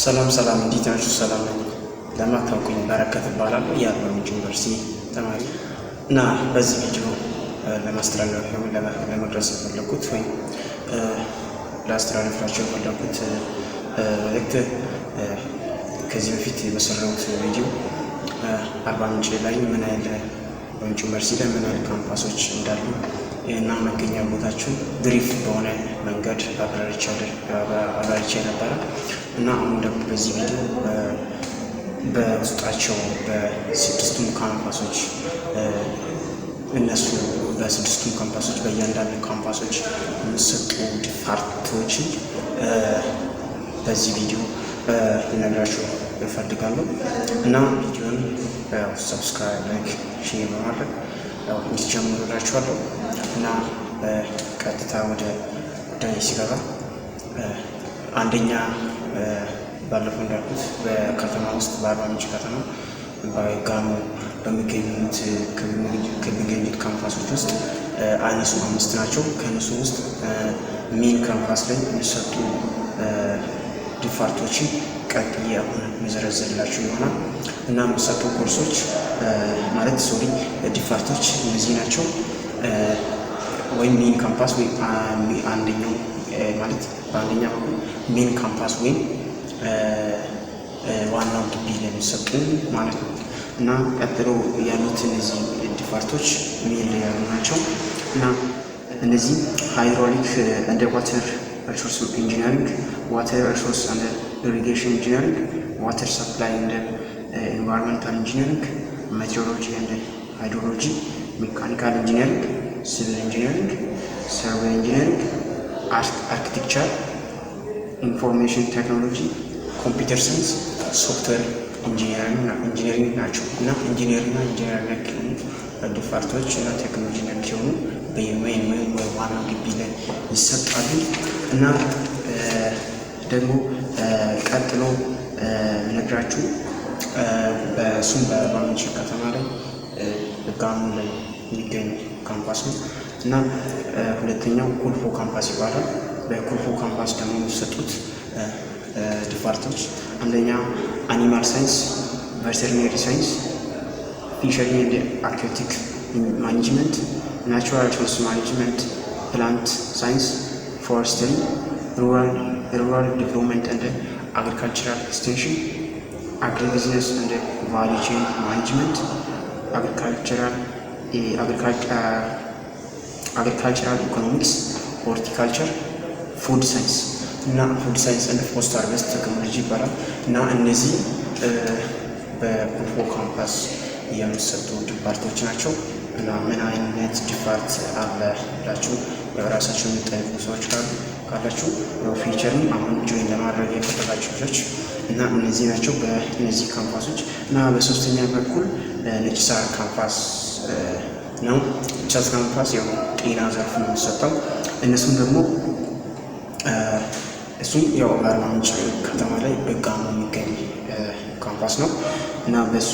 ሰላም ሰላም፣ እንዴት ናችሁ? ሰላም ነኝ። ለማታውቁኝ በረከት እባላለሁ የአርባምንጭ ዩኒቨርሲቲ ተማሪ እና በዚህ ቪዲዮ ለማስተላለፍ ለመድረስ የፈለጉት ወይም ለአስተላለፍላቸው የፈለጉት መልእክት ከዚህ በፊት የመሰራሁት ቪዲዮ አርባምንጭ ላይ ምን ያህል አርባምንጭ ዩኒቨርሲቲ ላይ ምን ያህል ካምፓሶች እንዳሉ እና መገኛ ቦታችሁ ብሪፍ በሆነ መንገድ አብራርቻ ነበረ። እና አሁን ደግሞ በዚህ ቪዲዮ በውስጣቸው በስድስቱም ካምፓሶች እነሱ በስድስቱም ካምፓሶች በእያንዳንዱ ካምፓሶች የሚሰጡ ዲፓርቶችን በዚህ ቪዲዮ ልነግራችሁ እፈልጋለሁ እና ቪዲዮን ሰብስክራይብ፣ ላይክ፣ ሼር በማድረግ እንዲጀምሩላችኋለሁ እና ቀጥታ ወደ ጉዳይ ሲገባ አንደኛ ባለፈው እንዳልኩት በከተማ ውስጥ በአርባ ምንጭ ከተማ በጋሞ በሚገኙት ከሚገኙት ካምፓሶች ውስጥ አነሱ አምስት ናቸው። ከእነሱ ውስጥ ሜን ካምፓስ ላይ የሚሰጡ ዲፓርቶችን ቀጥዬ አሁን መዘረዘላቸው ይሆናል እና የሚሰጡ ኮርሶች ማለት ሶሪ ዲፋርቶች እነዚህ ናቸው። ወይም ሜን ካምፓስ ወይ አንደኛው ማለት በኩል ሜን ካምፓስ ወይም ዋናው ግቢ ለሚሰጡ ማለት ነው እና ቀጥሎ ያሉት እነዚህ ዲፓርቶች ሜል ያሉ ናቸው እና እነዚህ ሃይድሮሊክ እንደ ዋተር ሪሶርስ ኢንጂነሪንግ፣ ዋተር ሪሶርስ እንደ ኢሪጌሽን ኢንጂነሪንግ፣ ዋተር ሰፕላይ እንደ ኤንቫይሮንመንታል ኢንጂነሪንግ፣ ሜትሮሎጂ እንደ ሃይድሮሎጂ፣ ሜካኒካል ኢንጂነሪንግ፣ ሲቪል ኢንጂነሪንግ፣ ሰርቬይ ኢንጂነሪንግ አርኪቴክቸር፣ ኢንፎርሜሽን ቴክኖሎጂ፣ ኮምፒውተር ሳይንስ፣ ሶፍትዌር ኢንጂነሪንግ ናቸው እና ኢንጂነሪንግና ኢንጂነሪንግ ነክ ዲፓርቶች እና ቴክኖሎጂ ነክ ሲሆኑ ወይም ግቢ ላይ ይሰጣሉ እና ደግሞ ቀጥሎ ነግራችሁ በአርባ ምንጭ ከተማ ላይ ላይ የሚገኝ ካምፓስ ነው። እና ሁለተኛው ኩልፎ ካምፓስ ይባላል። በኩልፎ ካምፓስ ደግሞ የሚሰጡት ዲፓርቶች አንደኛ አኒማል ሳይንስ፣ ቬተሪነሪ ሳይንስ፣ ፊሸሪ ኤንድ አክዌቲክ ማኔጅመንት፣ ናቹራል ሪሶርስ ማኔጅመንት፣ ፕላንት ሳይንስ፣ ፎረስትሪ፣ ሩራል ዲቨሎፕመንት እንደ አግሪካልቸራል ኤክስቴንሽን፣ አግሪ ቢዝነስ እንደ ቫሊ ቼን ማኔጅመንት፣ አግሪካልቸራል አግሪካልቸራል ኢኮኖሚክስ፣ ሆርቲካልቸር፣ ፉድ ሳይንስ እና ፉድ ሳይንስ እንደ ፖስት ሃርቨስት ቴክኖሎጂ ይባላል እና እነዚህ በኮልፎ ካምፓስ የሚሰጡ ዲፓርቶች ናቸው እና ምን አይነት ዲፓርት አለ ብላችሁ የራሳችሁ የሚጠይቁ ሰዎች ካሉ ካላችሁ ፊቸርን አሁን ጆይን ለማድረግ የፈለጋችሁ ልጆች እና እነዚህ ናቸው በእነዚህ ካምፓሶች እና በሶስተኛ በኩል ነጭ ሳር ካምፓስ ነው። ቻስካን ፕላስ ያው ጤና ዘርፍ ነው የሚሰጠው። እነሱም ደግሞ እሱም ያው አርባ ምንጭ ከተማ ላይ ነው የሚገኝ ካምፓስ ነው እና በሱ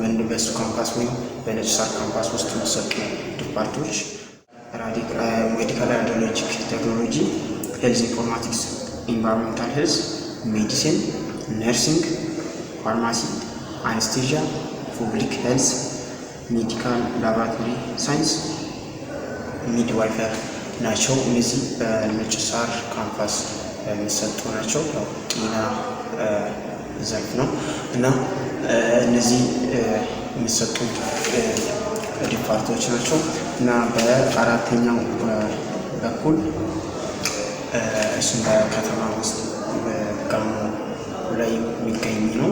ወንድ በሱ ካምፓስ ወይም በነጭ ሳር ካምፓስ ውስጥ የሚሰጡ ዲፓርቶች ሜዲካል ራዲዮሎጂክ ቴክኖሎጂ፣ ሄልዝ ኢንፎርማቲክስ፣ ኢንቫይሮንሜንታል ሄልዝ፣ ሜዲሲን፣ ነርሲንግ፣ ፋርማሲ፣ አንስቴዣ፣ ፑብሊክ ሄልዝ ሜዲካል ላብራቶሪ ሳይንስ፣ ሚድዋይፈር ናቸው። እነዚህ በነጭ ሳር ካምፓስ የሚሰጡ ናቸው። ጤና ዘርፍ ነው እና እነዚህ የሚሰጡ ዲፓርቶች ናቸው እና በአራተኛው በኩል እሱም በከተማ ውስጥ ጋሞ ላይ የሚገኝ ነው።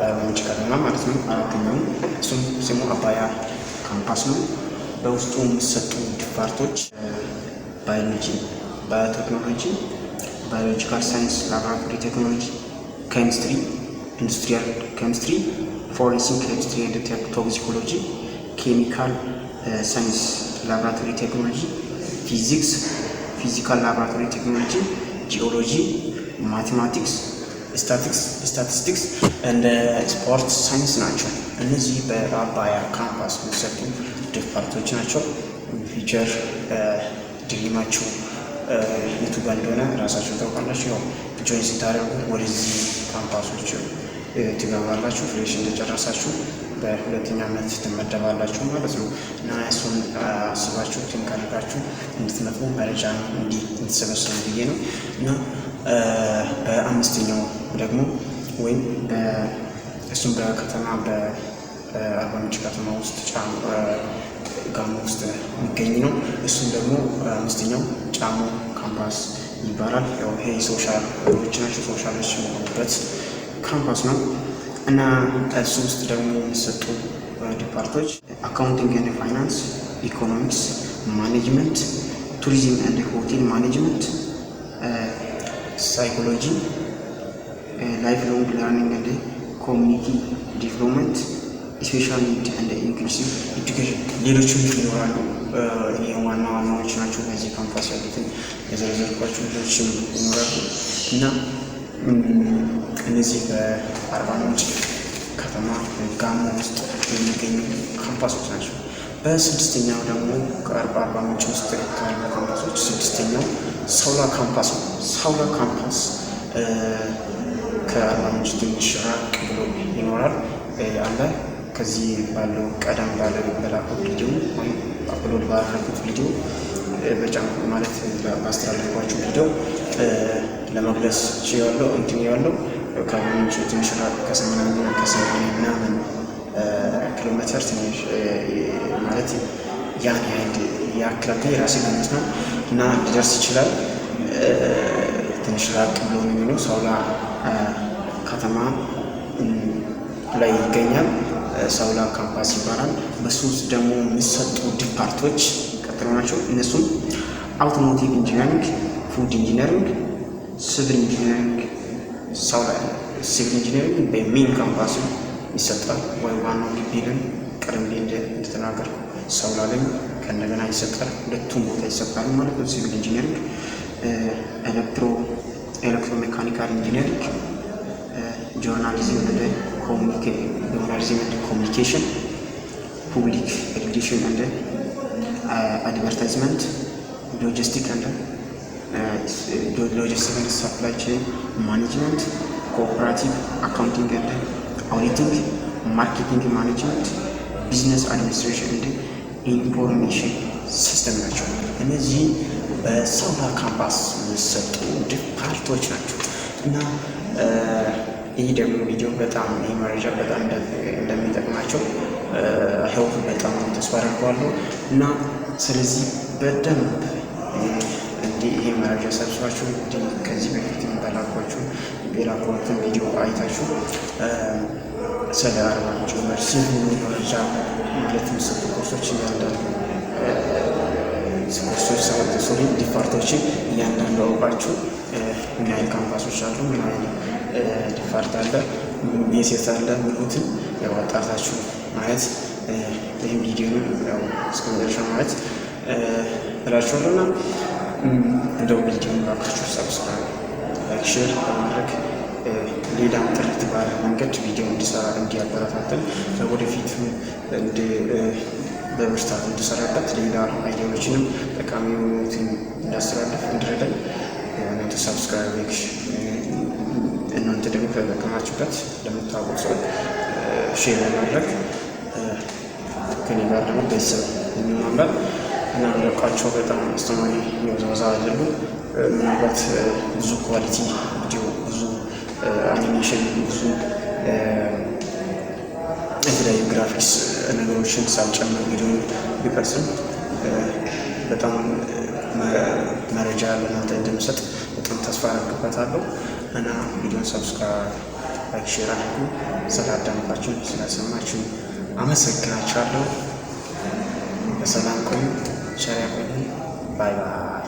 ባዮሎጂ ቀጠና ማለት ነው። አራተኛውም እሱም ስሙ አባያ ካምፓስ ነው። በውስጡ የሚሰጡ ዲፓርቶች ባዮሎጂ፣ ባዮቴክኖሎጂ፣ ባዮሎጂካል ሳይንስ፣ ላቦራቶሪ ቴክኖሎጂ፣ ኬሚስትሪ፣ ኢንዱስትሪያል ኬሚስትሪ፣ ፎሬንሲክ ኬሚስትሪ ኤንድ ቶክሲኮሎጂ፣ ኬሚካል ሳይንስ፣ ላቦራቶሪ ቴክኖሎጂ፣ ፊዚክስ፣ ፊዚካል ላቦራቶሪ ቴክኖሎጂ፣ ጂኦሎጂ፣ ማቴማቲክስ ስታቲስቲክስ እንደ ስፖርት ሳይንስ ናቸው። እነዚህ በአባያ ካምፓስ የሚሰጡ ዲፓርቶች ናቸው። ፊቸር ድሪማችሁ የቱ ጋር እንደሆነ ራሳቸው ታውቃላችሁ። ያው ጆይን ስታደርጉ ወደዚህ ካምፓሶች uh, ትገባላችሁ። ፍሬሽ እንደጨረሳችሁ በሁለተኛ ዓመት ትመደባላችሁ ማለት ነው እና እሱን uh, አስባችሁ ቲንክ እንድትመጥሙ መረጃ መረጃ እንዲሰበሰቡ ብዬ ነው እና በአምስተኛው ደግሞ ወይም እሱም በከተማ በአርባ ምንጭ ከተማ ውስጥ ጋሞ ውስጥ የሚገኝ ነው። እሱም ደግሞ አምስተኛው ጫሞ ካምፓስ ይባላል። ያው ይሄ ሶሻል ናቸው ሶሻሎች የሚሆኑበት ካምፓስ ነው እና እሱ ውስጥ ደግሞ የሚሰጡ ዲፓርቶች አካውንቲንግ ኤንድ ፋይናንስ፣ ኢኮኖሚክስ፣ ማኔጅመንት፣ ቱሪዝም ኤንድ ሆቴል ማኔጅመንት ሳይኮሎጂ፣ ላይፍ ሎንግ ለርኒንግ እንደ ኮሚኒቲ ዲቨሎፕመንት፣ ስፔሻል ኒድ እንደ ኢንክሉሲቭ ኤጁኬሽን፣ ሌሎችም ይኖራሉ። ዋና ዋናዎች ናቸው። በዚህ ካምፓስ ያሉትን የዘረዘርኳቸው ሌሎችም ይኖራሉ እና እነዚህ በአርባ ምንጭ ከተማ ጋሞ ውስጥ የሚገኙ ካምፓሶች ናቸው። በስድስተኛው ደግሞ ከአርባ ምንጭ ውስጥ ካሉ ካምፓሶች ስድስተኛው ሳውላ ካምፓስ ነው። ሳውላ ካምፓስ ከአርባ ምንጭ ትንሽ ራቅ ብሎ ይኖራል አለ ከዚህ ባለው ቀደም ባለ በላኩት ቪዲዮ ወይም አፕሎድ ባደረጉት ቪዲዮ በጫን ማለት በአስተላለፍኳቸው ቪዲዮ ለመግለጽ ችያለው እንትን ያለው ከአርባ ምንጭ ትንሽ ራቅ ከሰማንያ ከሰማንያ ምናምን ኪሎ ሜትር ትንሽ ማለት ያን ያህል የአክላንታ የራሴ ግምት ነው እና ሊደርስ ይችላል። ትንሽ ራቅ ብሎ ነው የሚለው ሳውላ ከተማ ላይ ይገኛል። ሳውላ ካምፓስ ይባላል። በሱ ውስጥ ደግሞ የሚሰጡ ዲፓርቶች ቀጥሎ ናቸው። እነሱም አውቶሞቲቭ ኢንጂነሪንግ፣ ፉድ ኢንጂነሪንግ፣ ሲቪል ኢንጂነሪንግ ሳውላ ሲቪል ኢንጂነሪንግ በሜን ካምፓስ ይሰጣል ወይ ዋናው ግቢልን ቅድም ቀደም እንደተናገርኩ ሳውላ ላይ ከእንደገና ይሰጣል። ሁለቱም ቦታ ይሰጣል ማለት ነው። ሲቪል ኢንጂነሪንግ፣ ኤሌክትሮ ኤሌክትሮሜካኒካል ኢንጂነሪንግ፣ ጆርናሊዝም፣ ጆርናሊዝም ኮሚኒኬሽን፣ ፑብሊክ ኤዱኬሽን እንደ አድቨርታይዝመንት፣ ሎጂስቲክ እንደ ሎጂስቲክ ሰፕላይ ቼን ማኔጅመንት፣ ኮኦፕራቲቭ አካውንቲንግ እንደ አውዲቲንግ፣ ማርኬቲንግ ማኔጅመንት፣ ቢዝነስ አድሚኒስትሬሽን እንደ ኢንፎርሜሽን ሲስተም ናቸው። እነዚህ በሳውና ካምፓስ የሚሰጡ ፓርቶች ናቸው እና ይህ ደግሞ ቪዲዮ በጣም ይህ መረጃ በጣም እንደሚጠቅማቸው ህይወቱ በጣም ተስፋ አደርገዋለሁ እና ስለዚህ በደንብ እንዲህ ይሄ መረጃ ሰብስባችሁ ከዚህ በፊት በላኳችሁ ቪዲዮ አይታችሁ ስለ አርማቸው መርሲ መረጃ ማለትም ስት ኮርሶች እያንዳንዱ ኮርሶች ሰባት ሶሪ ዲፓርቶችን እያንዳንዱ አውቃችሁ ምን ያህል ካምፓሶች አሉ፣ ምን ያህል ዲፓርት አለ፣ ሜሴት አለ ምሉትን ያወጣታችሁ ማለት ይህም ቪዲዮ ነው እስከ መጨረሻ ማለት እላችኋለሁ እና እንደው ቪዲዮ ባካችሁ ሰብስክራይብ ላይክ ሼር በማድረግ ሌላ ጥርት ባለ መንገድ ቪዲዮ እንዲሰራ እንዲያበረታተን ወደፊት በብርታት እንድሰራበት ሌላ አይዲያዎችንም ጠቃሚ የሆኑትን እንዳስተላልፍ እንድረዳኝ እናንተ ሰብስክራይብ እናንተ ደግሞ ከተጠቀማችሁበት ለምታወቅ ሰው ሼር ለማድረግ ከኔ ጋር ደግሞ ቤተሰብ የሚሆንበት እና ለቃቸው በጣም አስተማሪ የወዛወዛ አይደሉም ምናልባት ብዙ ኳሊቲ አንድ eh, ሚሽን ብዙ eh, የተለያዩ ግራፊክስ eh, ነገሮችን ሳልጨምር ቪዲዮን ቢቀርስም በጣም መረጃ ለእናንተ እንደምሰጥ በጣም ተስፋ አደርግበታለሁ እና ቪዲዮን ሰብስክራይብ፣ ላይክ፣ ሼር አድርጉ። ስላዳመጣችሁ ስለሰማችሁ አመሰግናችኋለሁ። በሰላም ቆዩ። ቸር ያቆዩ። ባይ ባይ።